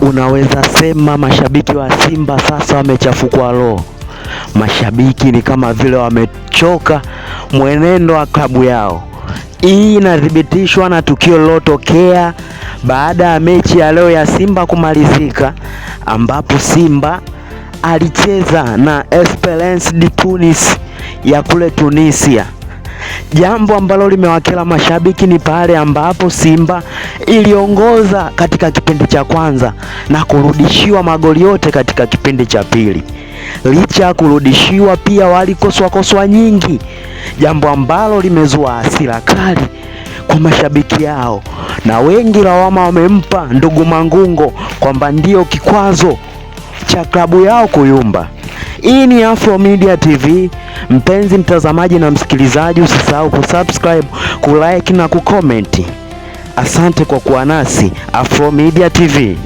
Unaweza sema mashabiki wa Simba sasa wamechafukwa roho. Mashabiki ni kama vile wamechoka mwenendo wa klabu yao. Hii inathibitishwa na tukio lilotokea baada ya mechi ya leo ya Simba kumalizika, ambapo Simba alicheza na Esperance de Tunis ya kule Tunisia. Jambo ambalo limewakera mashabiki ni pale ambapo Simba iliongoza katika kipindi cha kwanza na kurudishiwa magoli yote katika kipindi cha pili. Licha ya kurudishiwa, pia walikoswa koswa nyingi, jambo ambalo limezua hasira kali kwa mashabiki yao, na wengi lawama wamempa ndugu Mangungo kwamba ndiyo kikwazo cha klabu yao kuyumba. Hii ni Afro Media TV. Mpenzi mtazamaji na msikilizaji, usisahau kusubscribe, kulike na kukomenti. Asante kwa kuwa nasi Afro Media TV.